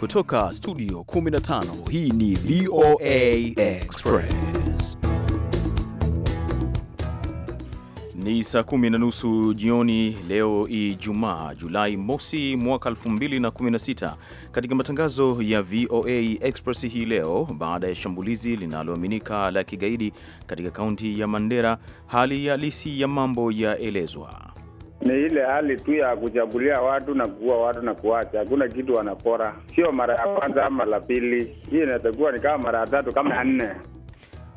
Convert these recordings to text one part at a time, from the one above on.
Kutoka studio 15 hii ni VOA Express. Ni saa kumi na nusu jioni leo Ijumaa, Julai mosi mwaka 2016. Katika matangazo ya VOA Express hii leo, baada ya shambulizi linaloaminika la kigaidi katika kaunti ya Mandera, hali halisi ya mambo yaelezwa ni ile hali tu ya kuchagulia watu na kuua watu na kuwacha. Hakuna kitu wanapora, sio mara ya kwanza ama la pili. Hii inatakiwa ni kama mara ya tatu kama ya nne.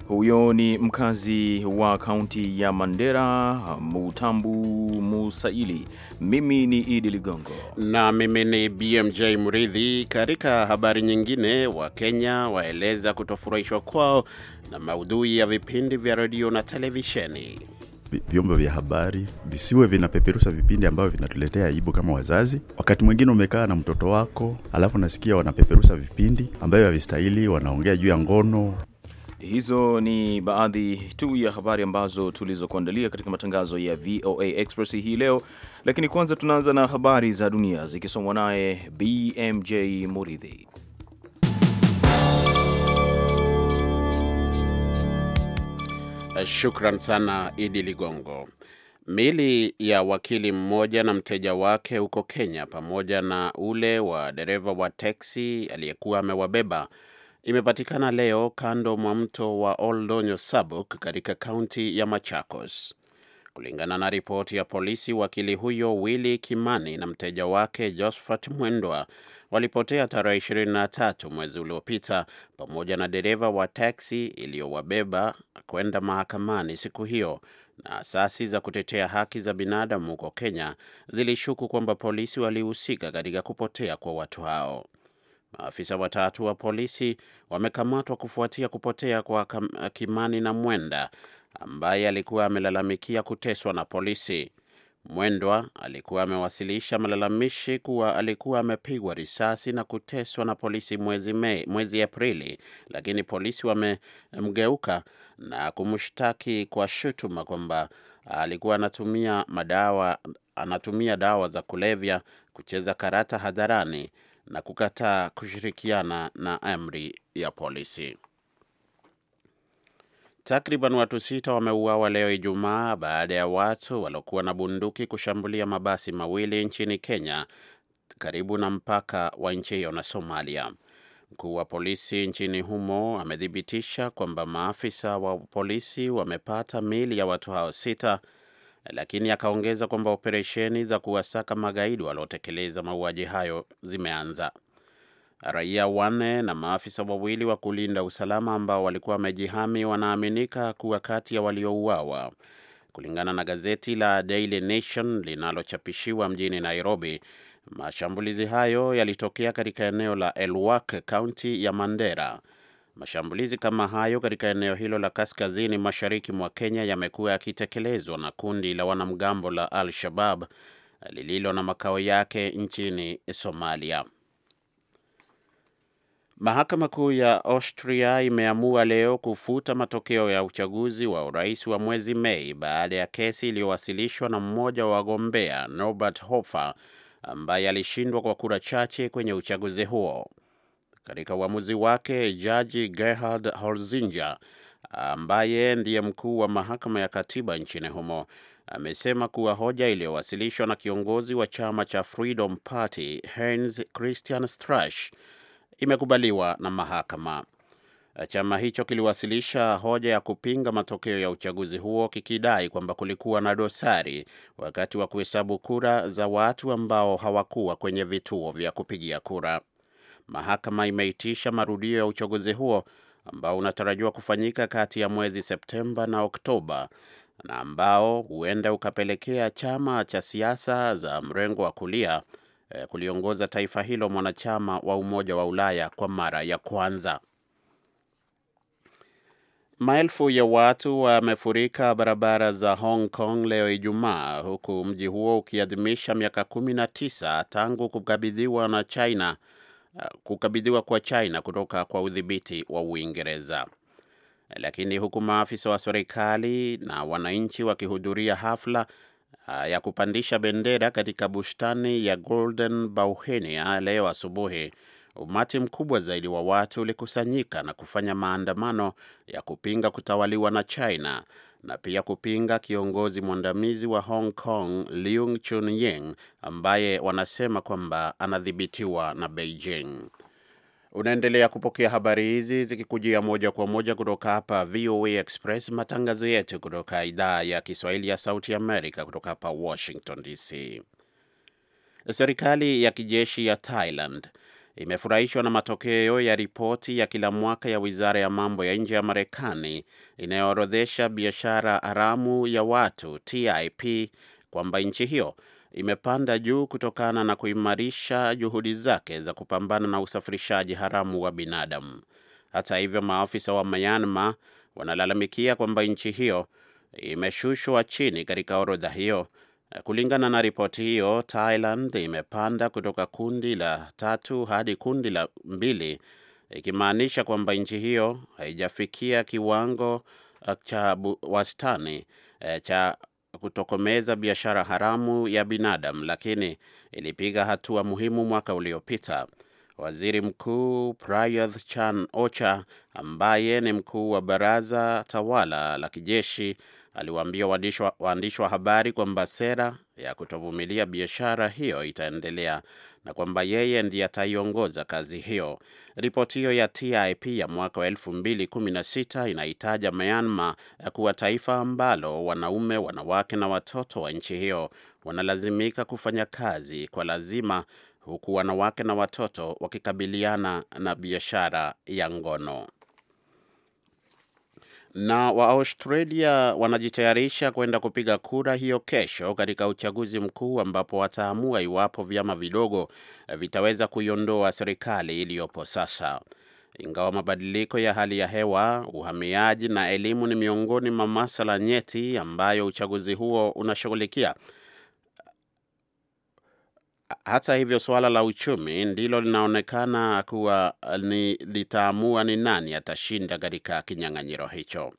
Huyo ni mkazi wa kaunti ya Mandera, Mutambu Musaili. Mimi ni Idi Ligongo na mimi ni BMJ Mridhi. Katika habari nyingine, Wakenya waeleza kutofurahishwa kwao na maudhui ya vipindi vya redio na televisheni vyombo vya habari visiwe vinapeperusha vipindi ambavyo vinatuletea aibu kama wazazi. Wakati mwingine umekaa na mtoto wako, alafu nasikia wanapeperusha vipindi ambavyo havistahili, wanaongea juu ya ngono. Hizo ni baadhi tu ya habari ambazo tulizokuandalia katika matangazo ya VOA Express hii leo, lakini kwanza tunaanza na habari za dunia zikisomwa naye BMJ Muridhi. Eh, shukran sana Idi Ligongo. Mili ya wakili mmoja na mteja wake huko Kenya pamoja na ule wa dereva wa teksi aliyekuwa amewabeba imepatikana leo kando mwa mto wa Oldonyo Sabuk katika kaunti ya Machakos. Kulingana na ripoti ya polisi, wakili huyo Willy Kimani na mteja wake Josphat Mwendwa walipotea tarehe 23 mwezi uliopita pamoja na dereva wa taksi iliyowabeba kwenda mahakamani siku hiyo, na asasi za kutetea haki za binadamu huko Kenya zilishuku kwamba polisi walihusika katika kupotea kwa watu hao. Maafisa watatu wa polisi wamekamatwa kufuatia kupotea kwa Kimani na Mwenda ambaye alikuwa amelalamikia kuteswa na polisi. Mwendwa alikuwa amewasilisha malalamishi kuwa alikuwa amepigwa risasi na kuteswa na polisi mwezi me, mwezi Aprili, lakini polisi wamemgeuka na kumshtaki kwa shutuma kwamba alikuwa anatumia madawa, anatumia dawa za kulevya, kucheza karata hadharani na kukataa kushirikiana na amri ya polisi. Takriban watu sita wameuawa leo Ijumaa baada ya watu waliokuwa na bunduki kushambulia mabasi mawili nchini Kenya karibu na mpaka wa nchi hiyo na Somalia. Mkuu wa polisi nchini humo amethibitisha kwamba maafisa wa polisi wamepata miili ya watu hao sita, lakini akaongeza kwamba operesheni za kuwasaka magaidi waliotekeleza mauaji hayo zimeanza. Raia wanne na maafisa wawili wa kulinda usalama ambao walikuwa wamejihami wanaaminika kuwa kati ya waliouawa. Kulingana na gazeti la Daily Nation linalochapishiwa mjini Nairobi, mashambulizi hayo yalitokea katika eneo la Elwak, kaunti ya Mandera. Mashambulizi kama hayo katika eneo hilo la kaskazini mashariki mwa Kenya yamekuwa yakitekelezwa na kundi la wanamgambo la Al-Shabab lililo na makao yake nchini Somalia. Mahakama Kuu ya Austria imeamua leo kufuta matokeo ya uchaguzi wa urais wa mwezi Mei baada ya kesi iliyowasilishwa na mmoja wa wagombea Norbert Hofer ambaye alishindwa kwa kura chache kwenye uchaguzi huo. Katika uamuzi wake, jaji Gerhard Holzinger ambaye ndiye mkuu wa mahakama ya katiba nchini humo amesema kuwa hoja iliyowasilishwa na kiongozi wa chama cha Freedom Party Heinz Christian Strache imekubaliwa na mahakama. Chama hicho kiliwasilisha hoja ya kupinga matokeo ya uchaguzi huo kikidai kwamba kulikuwa na dosari wakati wa kuhesabu kura za watu ambao hawakuwa kwenye vituo vya kupigia kura. Mahakama imeitisha marudio ya uchaguzi huo ambao unatarajiwa kufanyika kati ya mwezi Septemba na Oktoba na ambao huenda ukapelekea chama cha siasa za mrengo wa kulia Eh, kuliongoza taifa hilo mwanachama wa Umoja wa Ulaya kwa mara ya kwanza. Maelfu ya watu wamefurika barabara za Hong Kong leo Ijumaa, huku mji huo ukiadhimisha miaka tisa tangu kukabidhiwa na China, eh, kukabidhiwa kwa China kutoka kwa udhibiti wa Uingereza. Lakini huku maafisa wa serikali na wananchi wakihudhuria hafla Ah, ya kupandisha bendera katika bustani ya Golden Bauhinia ah, leo asubuhi, umati mkubwa zaidi wa watu ulikusanyika na kufanya maandamano ya kupinga kutawaliwa na China na pia kupinga kiongozi mwandamizi wa Hong Kong Leung Chun-ying ambaye wanasema kwamba anadhibitiwa na Beijing. Unaendelea kupokea habari hizi zikikujia moja kwa moja kutoka hapa VOA Express, matangazo yetu kutoka idhaa ya Kiswahili ya Sauti Amerika, kutoka hapa Washington DC. Serikali ya kijeshi ya Thailand imefurahishwa na matokeo ya ripoti ya kila mwaka ya wizara ya mambo ya nje ya Marekani inayoorodhesha biashara haramu ya watu TIP kwamba nchi hiyo imepanda juu kutokana na kuimarisha juhudi zake za kupambana na usafirishaji haramu wa binadamu. Hata hivyo, maafisa wa Myanmar wanalalamikia kwamba nchi hiyo imeshushwa chini katika orodha hiyo. Kulingana na ripoti hiyo, Thailand imepanda kutoka kundi la tatu hadi kundi la mbili, ikimaanisha kwamba nchi hiyo haijafikia kiwango cha wastani eh, cha kutokomeza biashara haramu ya binadamu, lakini ilipiga hatua muhimu mwaka uliopita. Waziri Mkuu Prayuth Chan Ocha ambaye ni mkuu wa baraza tawala la kijeshi aliwaambia waandishi wa habari kwamba sera ya kutovumilia biashara hiyo itaendelea na kwamba yeye ndiye ataiongoza kazi hiyo. Ripoti hiyo ya TIP ya mwaka wa 2016 inahitaja Myanmar kuwa taifa ambalo wanaume, wanawake na watoto wa nchi hiyo wanalazimika kufanya kazi kwa lazima, huku wanawake na watoto wakikabiliana na biashara ya ngono. Na Waaustralia wanajitayarisha kwenda kupiga kura hiyo kesho katika uchaguzi mkuu ambapo wataamua iwapo vyama vidogo eh, vitaweza kuiondoa serikali iliyopo sasa. Ingawa mabadiliko ya hali ya hewa, uhamiaji na elimu ni miongoni mwa masala nyeti ambayo uchaguzi huo unashughulikia, hata hivyo, suala la uchumi ndilo linaonekana kuwa eh, ni litaamua ni nani atashinda katika kinyang'anyiro hicho.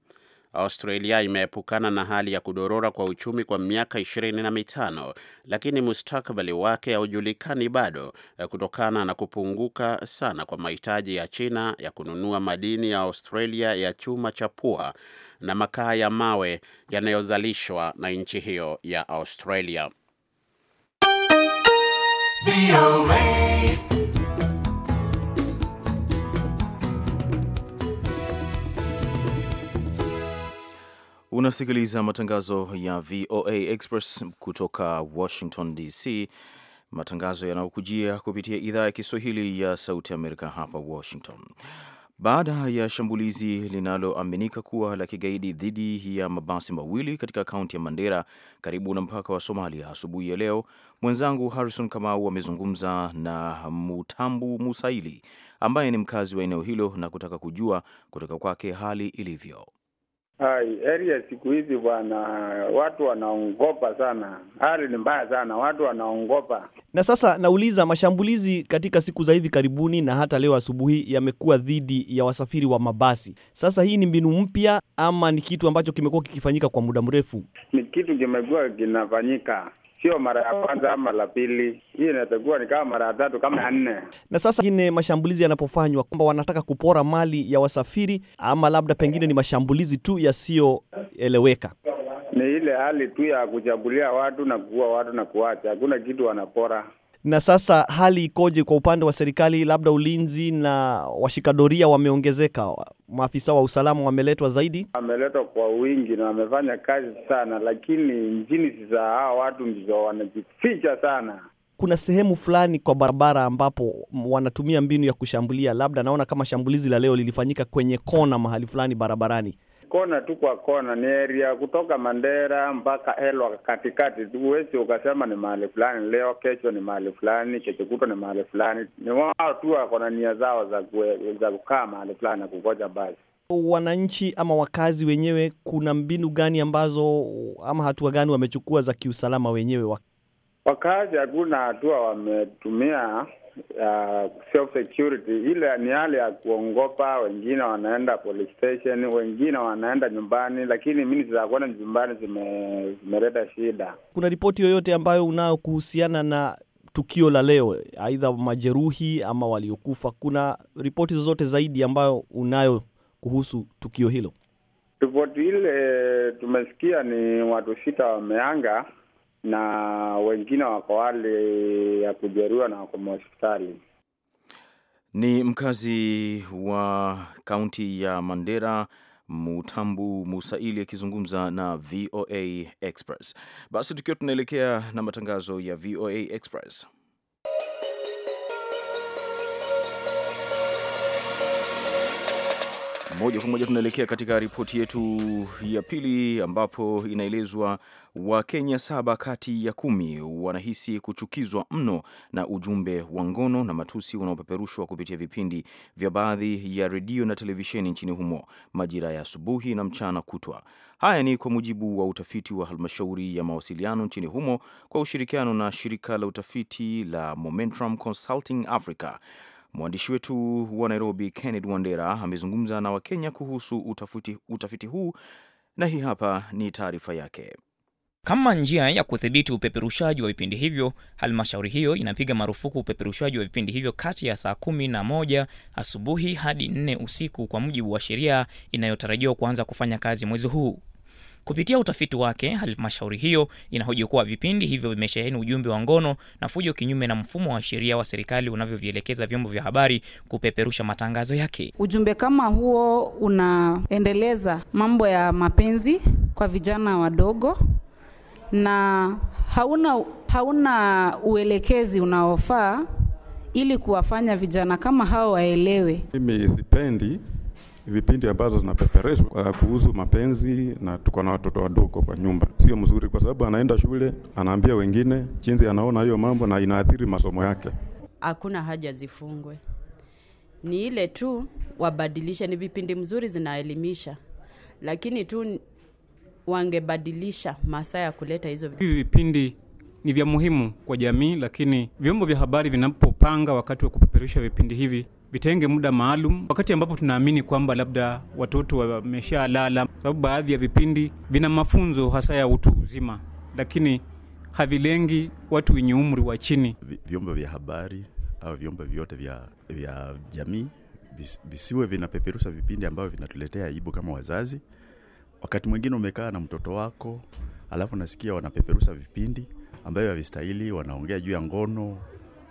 Australia imeepukana na hali ya kudorora kwa uchumi kwa miaka ishirini na mitano, lakini mustakabali wake haujulikani bado eh, kutokana na kupunguka sana kwa mahitaji ya China ya kununua madini ya Australia ya chuma cha pua na makaa ya mawe yanayozalishwa na nchi hiyo ya Australia. Unasikiliza matangazo ya VOA Express kutoka Washington DC, matangazo yanayokujia kupitia idhaa ya Kiswahili ya Sauti Amerika hapa Washington baada ya shambulizi linaloaminika kuwa la kigaidi dhidi ya mabasi mawili katika kaunti ya Mandera karibu na mpaka wa Somalia. Asubuhi ya leo, mwenzangu Harrison Kamau amezungumza na Mutambu Musaili ambaye ni mkazi wa eneo hilo na kutaka kujua kutoka kwake hali ilivyo. Area siku hizi bwana, watu wanaongopa sana, hali ni mbaya sana, watu wanaongopa. Na sasa nauliza, mashambulizi katika siku za hivi karibuni na hata leo asubuhi yamekuwa dhidi ya wasafiri wa mabasi. Sasa hii ni mbinu mpya ama ni kitu ambacho kimekuwa kikifanyika kwa muda mrefu? Ni kitu kimekuwa kinafanyika sio mara ya kwanza ama la pili, hii inatakuwa ni kama mara ya tatu kama ya nne. Na sasa ingine mashambulizi yanapofanywa kwamba wanataka kupora mali ya wasafiri ama labda pengine ni mashambulizi tu yasiyoeleweka, ni ile hali tu ya kuchagulia watu na kuua watu na kuacha, hakuna kitu wanapora. Na sasa hali ikoje kwa upande wa serikali, labda ulinzi na washikadoria wameongezeka, maafisa wa usalama wameletwa zaidi? Wameletwa kwa wingi na wamefanya kazi sana, lakini njini za hawa watu ndizo wanajificha sana. Kuna sehemu fulani kwa barabara ambapo wanatumia mbinu ya kushambulia, labda naona kama shambulizi la leo lilifanyika kwenye kona mahali fulani barabarani kona tu kwa kona, ni area kutoka Mandera mpaka Elwa katikati. Huwezi ukasema ni mahali fulani leo, kesho ni mahali fulani, kesho kuto ni mahali fulani. Ni wao tu wako na nia zao za, za kukaa mahali fulani na kungoja basi. Wananchi ama wakazi wenyewe, kuna mbinu gani ambazo ama hatua gani wamechukua za kiusalama wenyewe? Wakazi hakuna hatua wametumia uh, self security ile ni hali ya kuongopa. Wengine wanaenda police station, wengine wanaenda nyumbani, lakini mimi za nyumbani zimeleta shida. Kuna ripoti yoyote ambayo unayo kuhusiana na tukio la leo, aidha majeruhi ama waliokufa? Kuna ripoti zozote zaidi ambayo unayo kuhusu tukio hilo? Ripoti ile tumesikia ni watu sita wameanga na wengine wako wale ya kujeruhiwa na wako mahospitali. Ni mkazi wa kaunti ya Mandera Mutambu Musaili akizungumza na VOA Express. Basi tukiwa tunaelekea na matangazo ya VOA Express Moja kwa moja tunaelekea katika ripoti yetu ya pili, ambapo inaelezwa Wakenya saba kati ya kumi wanahisi kuchukizwa mno na ujumbe wa ngono na matusi unaopeperushwa kupitia vipindi vya baadhi ya redio na televisheni nchini humo majira ya asubuhi na mchana kutwa. Haya ni kwa mujibu wa utafiti wa halmashauri ya mawasiliano nchini humo kwa ushirikiano na shirika la utafiti la Momentum Consulting Africa. Mwandishi wetu wa Nairobi, Kenneth Wandera, amezungumza na Wakenya kuhusu utafiti, utafiti huu na hii hapa ni taarifa yake. Kama njia ya kudhibiti upeperushaji wa vipindi hivyo, halmashauri hiyo inapiga marufuku upeperushaji wa vipindi hivyo kati ya saa kumi na moja asubuhi hadi nne usiku, kwa mujibu wa sheria inayotarajiwa kuanza kufanya kazi mwezi huu. Kupitia utafiti wake, halmashauri hiyo inahoji kuwa vipindi hivyo vimesheheni ujumbe wa ngono na fujo, kinyume na mfumo wa sheria wa serikali unavyovielekeza vyombo vya habari kupeperusha matangazo yake. Ujumbe kama huo unaendeleza mambo ya mapenzi kwa vijana wadogo na hauna, hauna uelekezi unaofaa ili kuwafanya vijana kama hao waelewe. Mimi sipendi vipindi ambazo zinapepereshwa uh, kuhusu mapenzi, na tuko na watoto wadogo kwa nyumba, sio mzuri, kwa sababu anaenda shule, anaambia wengine jinsi anaona hiyo mambo, na inaathiri masomo yake. Hakuna haja zifungwe, ni ile tu wabadilishe. Ni vipindi mzuri, zinaelimisha, lakini tu wangebadilisha masaa ya kuleta hizo hivi vipindi ni vya muhimu kwa jamii, lakini vyombo vya habari vinapopanga wakati wa kupeperusha vipindi hivi vitenge muda maalum, wakati ambapo tunaamini kwamba labda watoto wameshalala, lala sababu baadhi ya vipindi vina mafunzo hasa ya utu uzima, lakini havilengi watu wenye umri wa chini. Vyombo vya habari au vyombo vyote vya, vya jamii visiwe vinapeperusha vipindi ambavyo vinatuletea aibu kama wazazi. Wakati mwingine umekaa na mtoto wako, alafu nasikia wanapeperusha vipindi ambayo havistahili, wanaongea juu ya ngono,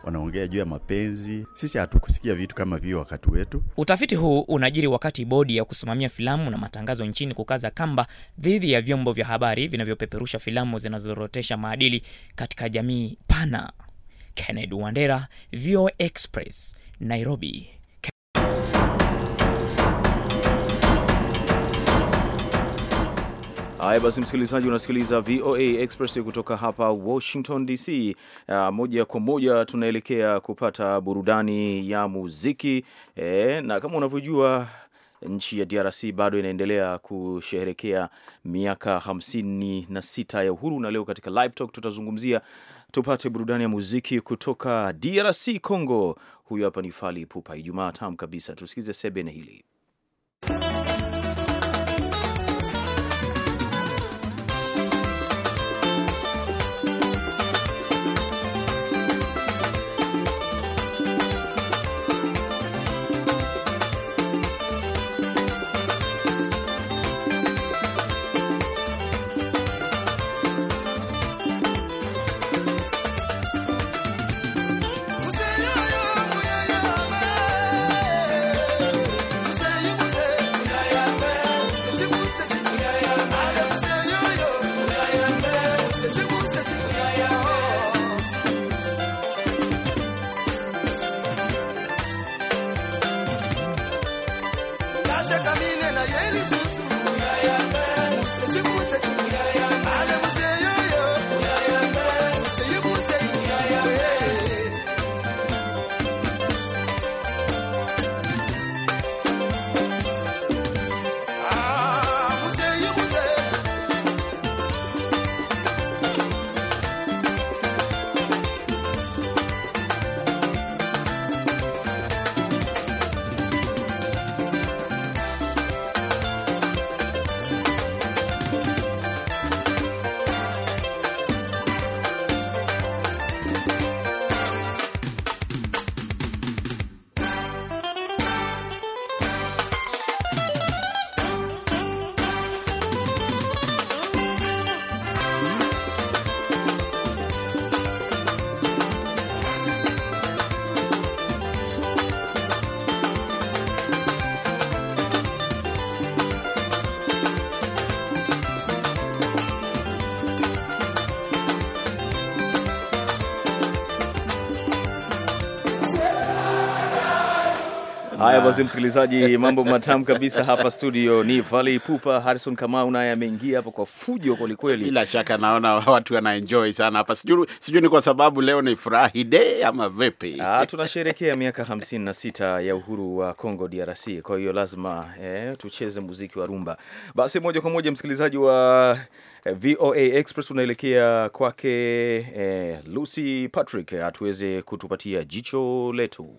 wanaongea juu ya mapenzi. Sisi hatukusikia vitu kama vio wakati wetu. Utafiti huu unajiri wakati bodi ya kusimamia filamu na matangazo nchini kukaza kamba dhidi ya vyombo vya habari vinavyopeperusha filamu zinazorotesha maadili katika jamii pana. kenned Wandera, vio Express, Nairobi. Haya basi, msikilizaji, unasikiliza VOA Express kutoka hapa Washington DC. Uh, ah, moja kwa moja tunaelekea kupata burudani ya muziki e, na kama unavyojua nchi ya DRC bado inaendelea kusherehekea miaka 56 ya uhuru, na leo katika live talk tutazungumzia, tupate burudani ya muziki kutoka DRC Congo. Huyu hapa ni falipupa Ijumaa tamu kabisa, tusikize sebene hili Haya basi, msikilizaji, mambo matamu kabisa hapa studio. Ni Vali Pupa, Harrison Kamau naye ameingia hapa kwa fujo kwelikweli. Bila shaka naona watu wanaenjoy sana hapa, sijui sijui ni kwa sababu leo ni furahi day ama vipi? Ah, tunasherehekea miaka 56 ya uhuru wa Congo DRC, kwa hiyo lazima eh, tucheze muziki wa rumba. Basi moja kwa moja msikilizaji wa eh, VOA Express unaelekea kwake eh, Lucy Patrick atuweze kutupatia jicho letu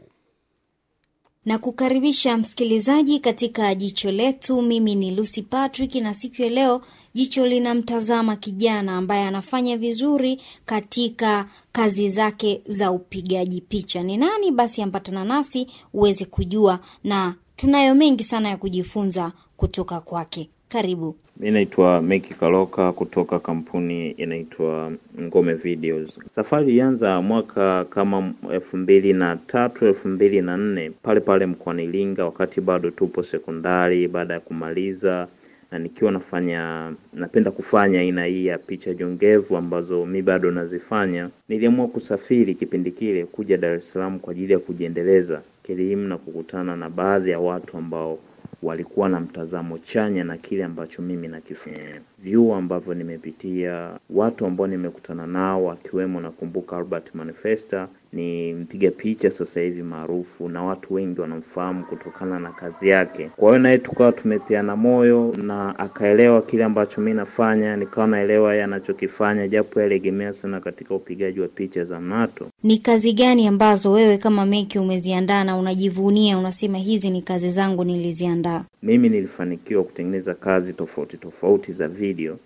na kukaribisha msikilizaji katika jicho letu. Mimi ni Lucy Patrick, na siku ya leo jicho linamtazama kijana ambaye anafanya vizuri katika kazi zake za upigaji picha. Ni nani? Basi ampatana nasi uweze kujua, na tunayo mengi sana ya kujifunza kutoka kwake. Karibu. Mi naitwa Meki Kaloka kutoka kampuni inaitwa Ngome Videos. Safari ilianza mwaka kama elfu mbili na tatu elfu mbili na nne pale pale mkoani Iringa, wakati bado tupo sekondari, baada ya kumaliza na nikiwa nafanya napenda kufanya aina hii ya picha jongevu ambazo mi bado nazifanya. Niliamua kusafiri kipindi kile kuja Dar es Salaam kwa ajili ya kujiendeleza kielimu na kukutana na baadhi ya watu ambao walikuwa na mtazamo chanya na kile ambacho mimi nakifanya. Vyuo ambavyo nimepitia, watu ambao nimekutana nao, akiwemo nakumbuka Albert Manifesta ni mpiga picha sasa hivi maarufu na watu wengi wanamfahamu kutokana na kazi yake. Kwa hiyo naye tukawa tumepeana moyo na akaelewa kile ambacho mi nafanya, nikawa naelewa yeye anachokifanya, japo yaegemea sana katika upigaji wa picha za mnato. Ni kazi gani ambazo wewe kama Meki umeziandaa na unajivunia, unasema hizi ni kazi zangu niliziandaa? Mimi nilifanikiwa kutengeneza kazi tofauti tofauti za video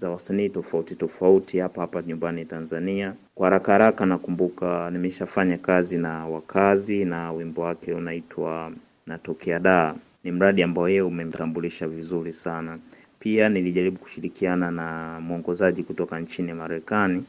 za wasanii tofauti tofauti hapa hapa nyumbani Tanzania. Kwa haraka haraka nakumbuka nimeshafanya kazi na Wakazi na wimbo wake unaitwa Natokea Da, Ni mradi ambao yeye umemtambulisha vizuri sana. Pia nilijaribu kushirikiana na mwongozaji kutoka nchini Marekani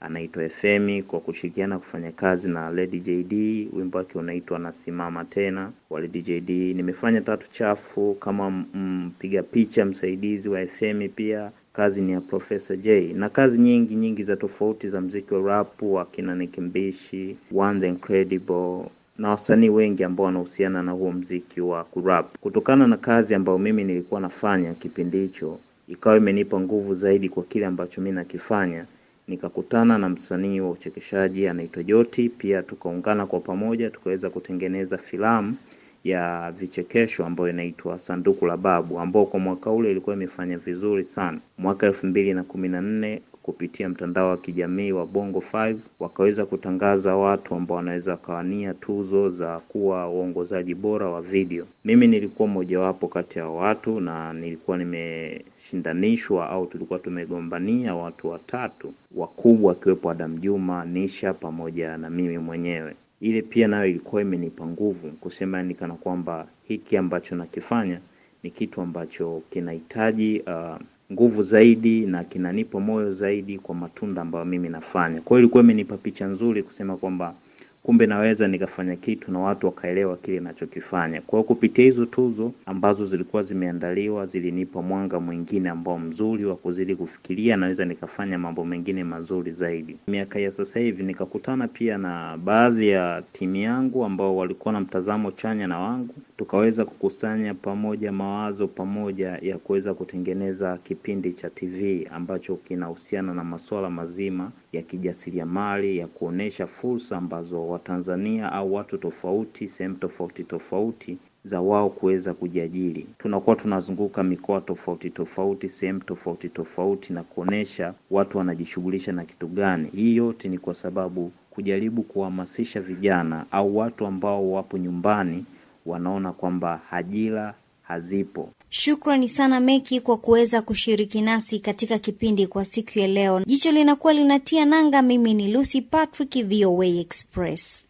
anaitwa Femi kwa kushirikiana kufanya kazi na Lady JD, wimbo wake unaitwa Nasimama Tena wa Lady JD. Nimefanya tatu chafu kama mpiga picha msaidizi wa Femi pia kazi ni ya Profesa J na kazi nyingi nyingi za tofauti za mziki wa rap wa kina Nikimbishi, One The Incredible na wasanii wengi ambao wanahusiana na huo mziki wa kurap. Kutokana na kazi ambayo mimi nilikuwa nafanya kipindi hicho, ikawa imenipa nguvu zaidi kwa kile ambacho mimi nakifanya. Nikakutana na msanii wa uchekeshaji anaitwa Joti, pia tukaungana kwa pamoja tukaweza kutengeneza filamu ya vichekesho ambayo inaitwa Sanduku la Babu, ambao kwa mwaka ule ilikuwa imefanya vizuri sana. Mwaka elfu mbili na kumi na nne kupitia mtandao wa kijamii wa Bongo 5 wakaweza kutangaza watu ambao wanaweza wakawania tuzo za kuwa uongozaji bora wa video. Mimi nilikuwa mmojawapo kati ya watu na nilikuwa nimeshindanishwa au tulikuwa tumegombania watu watatu wakubwa, akiwepo Adam Juma, Nisha pamoja na mimi mwenyewe ile pia nayo ilikuwa imenipa nguvu kusema, yani kana kwamba hiki ambacho nakifanya ni kitu ambacho kinahitaji uh, nguvu zaidi na kinanipa moyo zaidi kwa matunda ambayo mimi nafanya. Kwa hiyo ilikuwa imenipa picha nzuri kusema kwamba kumbe naweza nikafanya kitu na watu wakaelewa kile ninachokifanya. Kwa hiyo kupitia hizo tuzo ambazo zilikuwa zimeandaliwa zilinipa mwanga mwingine ambao mzuri wa kuzidi kufikiria, naweza nikafanya mambo mengine mazuri zaidi. Miaka ya sasa hivi nikakutana pia na baadhi ya timu yangu ambao walikuwa na mtazamo chanya na wangu tukaweza kukusanya pamoja mawazo pamoja ya kuweza kutengeneza kipindi cha TV ambacho kinahusiana na masuala mazima ya kijasiriamali, ya kuonesha fursa ambazo Watanzania au watu tofauti sehemu tofauti tofauti za wao kuweza kujiajiri. Tunakuwa tunazunguka mikoa tofauti tofauti, sehemu tofauti tofauti, na kuonesha watu wanajishughulisha na kitu gani. Hii yote ni kwa sababu kujaribu kuhamasisha vijana au watu ambao wapo nyumbani wanaona kwamba ajira hazipo. Shukrani sana Meki kwa kuweza kushiriki nasi katika kipindi kwa siku ya leo. Jicho linakuwa linatia nanga. Mimi ni Lucy Patrick, VOA Express.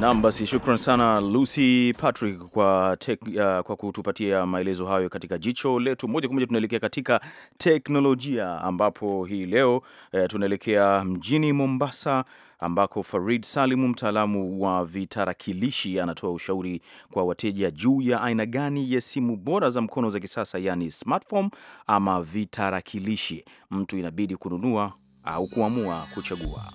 Nam, basi shukran sana Lucy Patrick kwa, tek, uh, kwa kutupatia maelezo hayo katika jicho letu. Moja kwa moja tunaelekea katika teknolojia ambapo hii leo uh, tunaelekea mjini Mombasa ambako Farid Salimu, mtaalamu wa vitarakilishi, anatoa ushauri kwa wateja juu ya aina gani ya simu bora za mkono za kisasa, yani smartphone ama vitarakilishi. Mtu inabidi kununua au kuamua kuchagua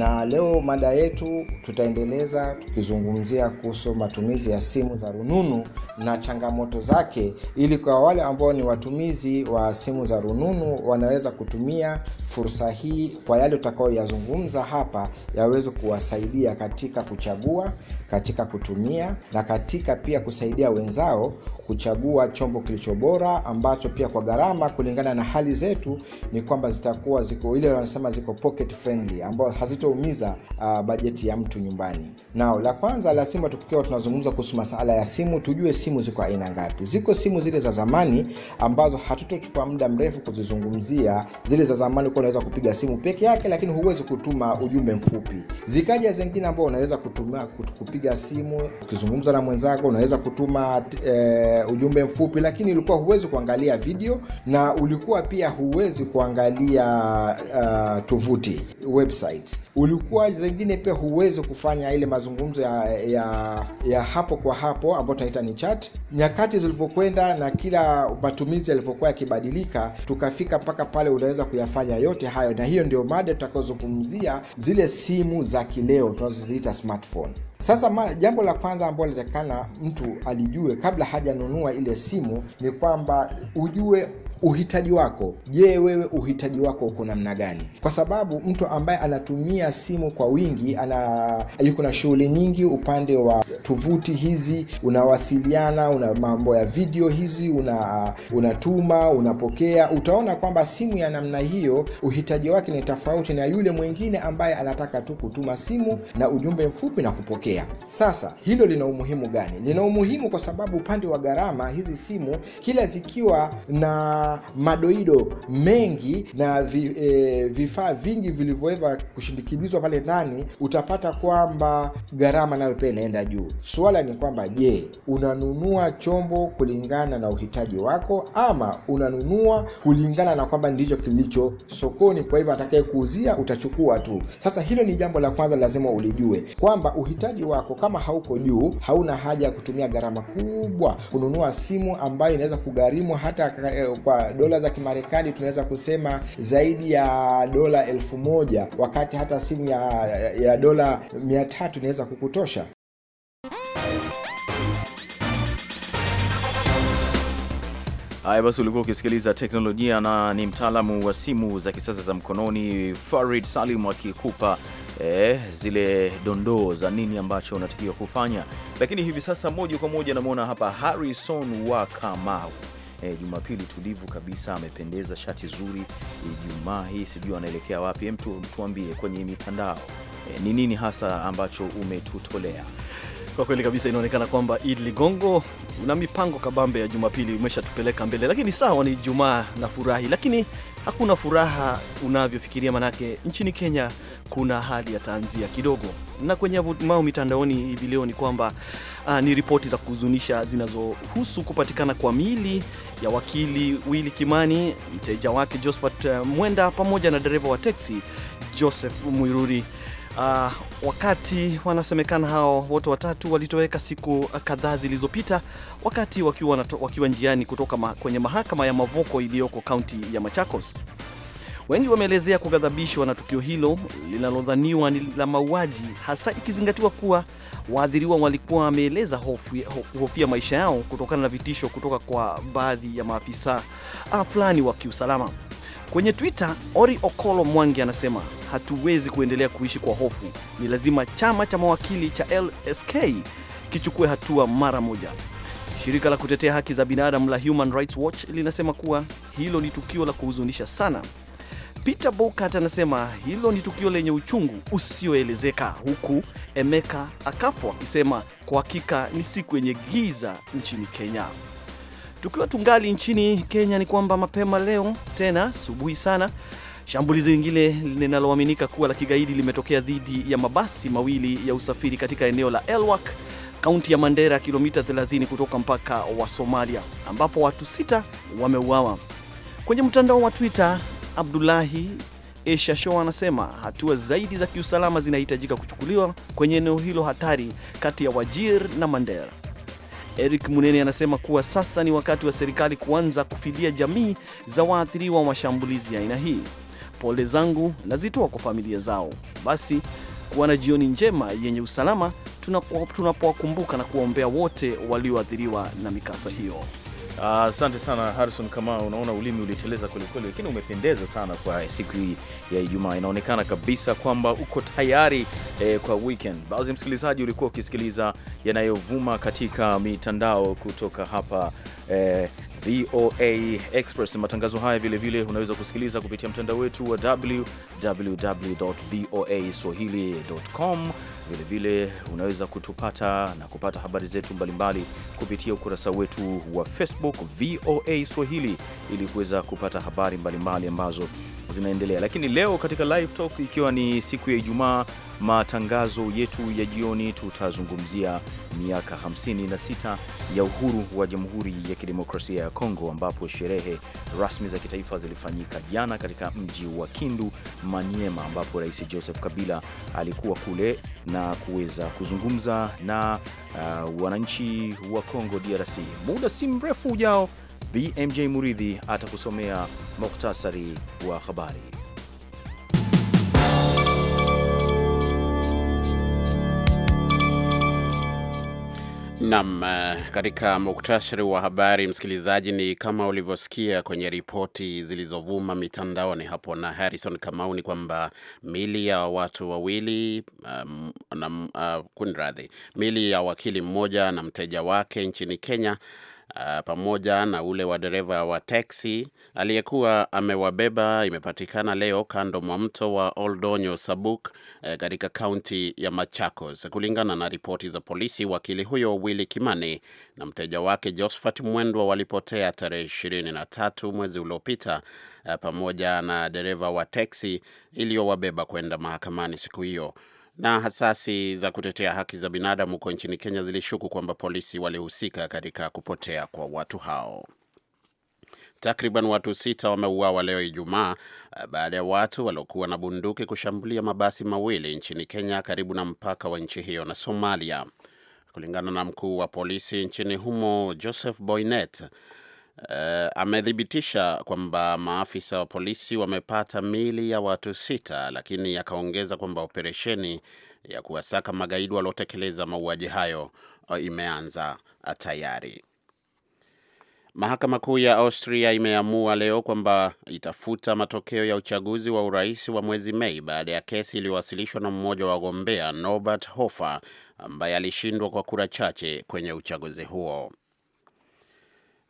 na leo mada yetu tutaendeleza tukizungumzia kuhusu matumizi ya simu za rununu na changamoto zake ili kwa wale ambao ni watumizi wa simu za rununu wanaweza kutumia fursa hii kwa yale utakaoyazungumza hapa yaweze kuwasaidia katika kuchagua katika kutumia na katika pia kusaidia wenzao kuchagua chombo kilicho bora ambacho pia kwa gharama kulingana na hali zetu ni kwamba zitakuwa ziko ile wanasema ziko pocket friendly ambao hazito kinachoumiza uh, bajeti ya mtu nyumbani nao la kwanza la simu tukiwa tunazungumza kuhusu masala ya simu tujue simu ziko aina ngapi ziko simu zile za zamani ambazo hatutochukua muda mrefu kuzizungumzia zile za zamani kuwa unaweza kupiga simu peke yake lakini huwezi kutuma ujumbe mfupi zikaja zingine ambao unaweza kutuma kupiga simu ukizungumza na mwenzako unaweza kutuma e, ujumbe mfupi lakini ulikuwa huwezi kuangalia video na ulikuwa pia huwezi kuangalia uh, tovuti website ulikuwa zengine pia huwezi kufanya ile mazungumzo ya, ya, ya hapo kwa hapo ambayo tunaita ni chat. Nyakati zilivyokwenda na kila matumizi yalivyokuwa yakibadilika, tukafika mpaka pale unaweza kuyafanya yote hayo, na hiyo ndio mada tutakaozungumzia, zile simu za kileo tunazoziita smartphone. Sasa ma, jambo la kwanza ambalo linatakana mtu alijue kabla hajanunua ile simu ni kwamba ujue uhitaji wako. Je, wewe uhitaji wako uko namna gani? Kwa sababu mtu ambaye anatumia simu kwa wingi ana yuko na shughuli nyingi, upande wa tovuti hizi, unawasiliana, una mambo ya video hizi, una unatuma, unapokea, utaona kwamba simu ya namna hiyo uhitaji wake ni tofauti na yule mwingine ambaye anataka tu kutuma simu na ujumbe mfupi na kupokea. Sasa hilo lina umuhimu gani? Lina umuhimu kwa sababu upande wa gharama hizi simu kila zikiwa na madoido mengi na vi, e, vifaa vingi vilivyoweza kushindikizwa pale ndani, utapata kwamba gharama nayo pia inaenda juu. Suala ni kwamba je, unanunua chombo kulingana na uhitaji wako ama unanunua kulingana na kwamba ndicho kilicho sokoni, kwa hivyo atakaye kuuzia utachukua tu. Sasa hilo ni jambo la kwanza, lazima ulijue kwamba uhitaji wako kama hauko juu, hauna haja ya kutumia gharama kubwa kununua simu ambayo inaweza kugharimu hata eh, kwa dola za Kimarekani tunaweza kusema zaidi ya dola elfu moja wakati hata simu ya, ya dola mia tatu inaweza kukutosha. Haya basi, ulikuwa ukisikiliza teknolojia na ni mtaalamu wa simu za kisasa za mkononi Farid Salim akikupa eh, zile dondoo za nini ambacho unatakiwa kufanya. Lakini hivi sasa moja kwa moja namwona hapa Harrison wa Kamau e, Jumapili tulivu kabisa, amependeza, shati zuri Ijumaa hii, sijui anaelekea wapi. Mtu tuambie kwenye mitandao eh, ni e, nini hasa ambacho umetutolea. Kwa kweli kabisa inaonekana kwamba Id Ligongo una mipango kabambe ya Jumapili, umeshatupeleka mbele. Lakini sawa, ni Jumaa na furahi, lakini hakuna furaha unavyofikiria, manake nchini Kenya kuna hali ya tanzia kidogo. Na kwenye mao mitandaoni hivi leo ni kwamba ah, ni ripoti za kuhuzunisha zinazohusu kupatikana kwa miili ya wakili Willy Kimani, mteja wake Josephat eh, Mwenda pamoja na dereva wa teksi Joseph Mwiruri. Uh, wakati wanasemekana hao wote watatu walitoweka siku kadhaa zilizopita wakati wakiwa, wakiwa njiani kutoka ma, kwenye mahakama ya Mavoko iliyoko kaunti ya Machakos. Wengi wameelezea kughadhabishwa na tukio hilo linalodhaniwa ni la mauaji, hasa ikizingatiwa kuwa Waadhiriwa walikuwa wameeleza hofia maisha yao kutokana na vitisho kutoka kwa baadhi ya maafisa ah, fulani wa kiusalama. Kwenye Twitter, Ori Okolo Mwangi anasema hatuwezi kuendelea kuishi kwa hofu, ni lazima chama cha mawakili cha LSK kichukue hatua mara moja. Shirika la kutetea haki za binadamu la Human Rights Watch linasema kuwa hilo ni tukio la kuhuzunisha sana Peter Bokat anasema hilo ni tukio lenye uchungu usioelezeka, huku Emeka Akafo akisema kwa hakika ni siku yenye giza nchini Kenya. Tukiwa tungali nchini Kenya, ni kwamba mapema leo tena asubuhi sana shambulizi lingine linaloaminika kuwa la kigaidi limetokea dhidi ya mabasi mawili ya usafiri katika eneo la Elwak, kaunti ya Mandera, kilomita 30 kutoka mpaka wa Somalia, ambapo watu sita wameuawa. Kwenye mtandao wa Twitter Abdullahi Eshasho anasema hatua zaidi za kiusalama zinahitajika kuchukuliwa kwenye eneo hilo hatari kati ya Wajir na Mandera. Eric Munene anasema kuwa sasa ni wakati wa serikali kuanza kufidia jamii za waathiriwa wa mashambulizi ya aina hii. Pole zangu nazitoa kwa familia zao. Basi kuwa na jioni njema yenye usalama tunapowakumbuka na kuwaombea wote walioathiriwa na mikasa hiyo. Asante uh, sana Harrison Kamau, unaona ulimi uliteleza kwelikweli, lakini umependeza sana kwa siku hii ya Ijumaa. Inaonekana kabisa kwamba uko tayari eh, kwa weekend. Baadhi msikilizaji ulikuwa ukisikiliza yanayovuma katika mitandao kutoka hapa eh, VOA Express. Matangazo haya vilevile vile unaweza kusikiliza kupitia mtandao wetu wa www voa swahili.com Vilevile unaweza kutupata na kupata habari zetu mbalimbali kupitia ukurasa wetu wa Facebook VOA Swahili ili kuweza kupata habari mbalimbali ambazo zinaendelea. Lakini leo katika live talk, ikiwa ni siku ya Ijumaa, matangazo yetu ya jioni, tutazungumzia miaka 56 ya uhuru wa Jamhuri ya Kidemokrasia ya Kongo, ambapo sherehe rasmi za kitaifa zilifanyika jana katika mji wa Kindu, Maniema, ambapo Rais Joseph Kabila alikuwa kule na kuweza kuzungumza na uh, wananchi wa Kongo DRC. Muda si mrefu ujao BMJ Muridhi atakusomea muhtasari wa habari. Nam, eh, katika muktasari wa habari, msikilizaji, ni kama ulivyosikia kwenye ripoti zilizovuma mitandaoni hapo na Harrison Kamau, ni kwamba mili ya watu wawili um, uh, kunradhi, mili ya wakili mmoja na mteja wake nchini Kenya Ah, pamoja na ule wa dereva wa teksi aliyekuwa amewabeba imepatikana leo kando mwa mto wa Oldonyo Sabuk uh, katika kaunti ya Machakos, kulingana na ripoti za polisi. Wakili huyo willi Kimani na mteja wake Josephat Mwendwa walipotea tarehe ishirini na tatu mwezi uliopita eh, pamoja na dereva wa teksi iliyowabeba kwenda mahakamani siku hiyo. Na hasasi za kutetea haki za binadamu huko nchini Kenya zilishuku kwamba polisi walihusika katika kupotea kwa watu hao. Takriban watu sita wameuawa leo Ijumaa eh, baada ya watu waliokuwa na bunduki kushambulia mabasi mawili nchini Kenya karibu na mpaka wa nchi hiyo na Somalia. Kulingana na mkuu wa polisi nchini humo Joseph Boynet, Uh, amethibitisha kwamba maafisa wa polisi wamepata mili ya watu sita, lakini akaongeza kwamba operesheni ya kuwasaka magaidi waliotekeleza mauaji hayo eh, imeanza eh, tayari. Mahakama Kuu ya Austria imeamua leo kwamba itafuta matokeo ya uchaguzi wa urais wa mwezi Mei baada ya kesi iliyowasilishwa na mmoja wa wagombea Norbert Hofer ambaye alishindwa kwa kura chache kwenye uchaguzi huo.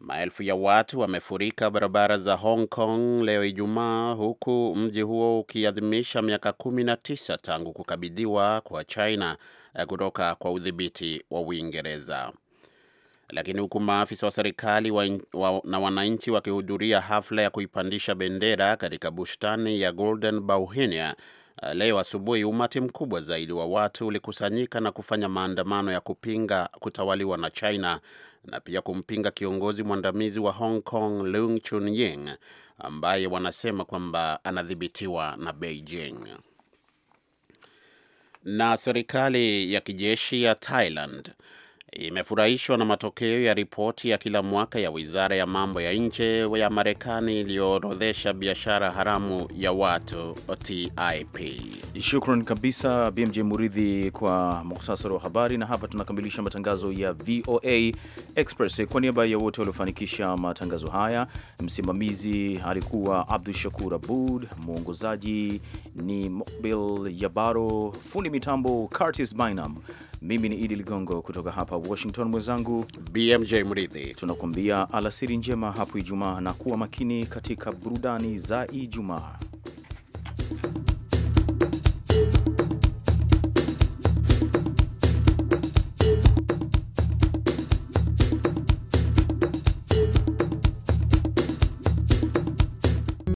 Maelfu ya watu wamefurika barabara za Hong Kong leo Ijumaa, huku mji huo ukiadhimisha miaka 19 tangu kukabidhiwa kwa China eh, kutoka kwa udhibiti wa Uingereza. Lakini huku maafisa wa serikali wa, wa, na wananchi wakihudhuria hafla ya kuipandisha bendera katika bustani ya Golden Bauhinia eh, leo asubuhi, umati mkubwa zaidi wa watu ulikusanyika na kufanya maandamano ya kupinga kutawaliwa na China na pia kumpinga kiongozi mwandamizi wa Hong Kong Leung Chun-ying ambaye wanasema kwamba anadhibitiwa na Beijing. Na serikali ya kijeshi ya Thailand imefurahishwa na matokeo ya ripoti ya kila mwaka ya wizara ya mambo ya nje ya Marekani iliyoorodhesha biashara haramu ya watu TIP. Shukran kabisa BMJ Muridhi kwa muhtasari wa habari, na hapa tunakamilisha matangazo ya VOA Express. Kwa niaba ya wote waliofanikisha matangazo haya, msimamizi alikuwa Abdu Shakur Abud, mwongozaji ni Mobil Yabaro, fundi mitambo Curtis Bynum. Mimi ni Idi Ligongo kutoka hapa Washington, mwenzangu BMJ Mridhi. Tunakuambia alasiri njema hapo Ijumaa, na kuwa makini katika burudani za Ijumaa.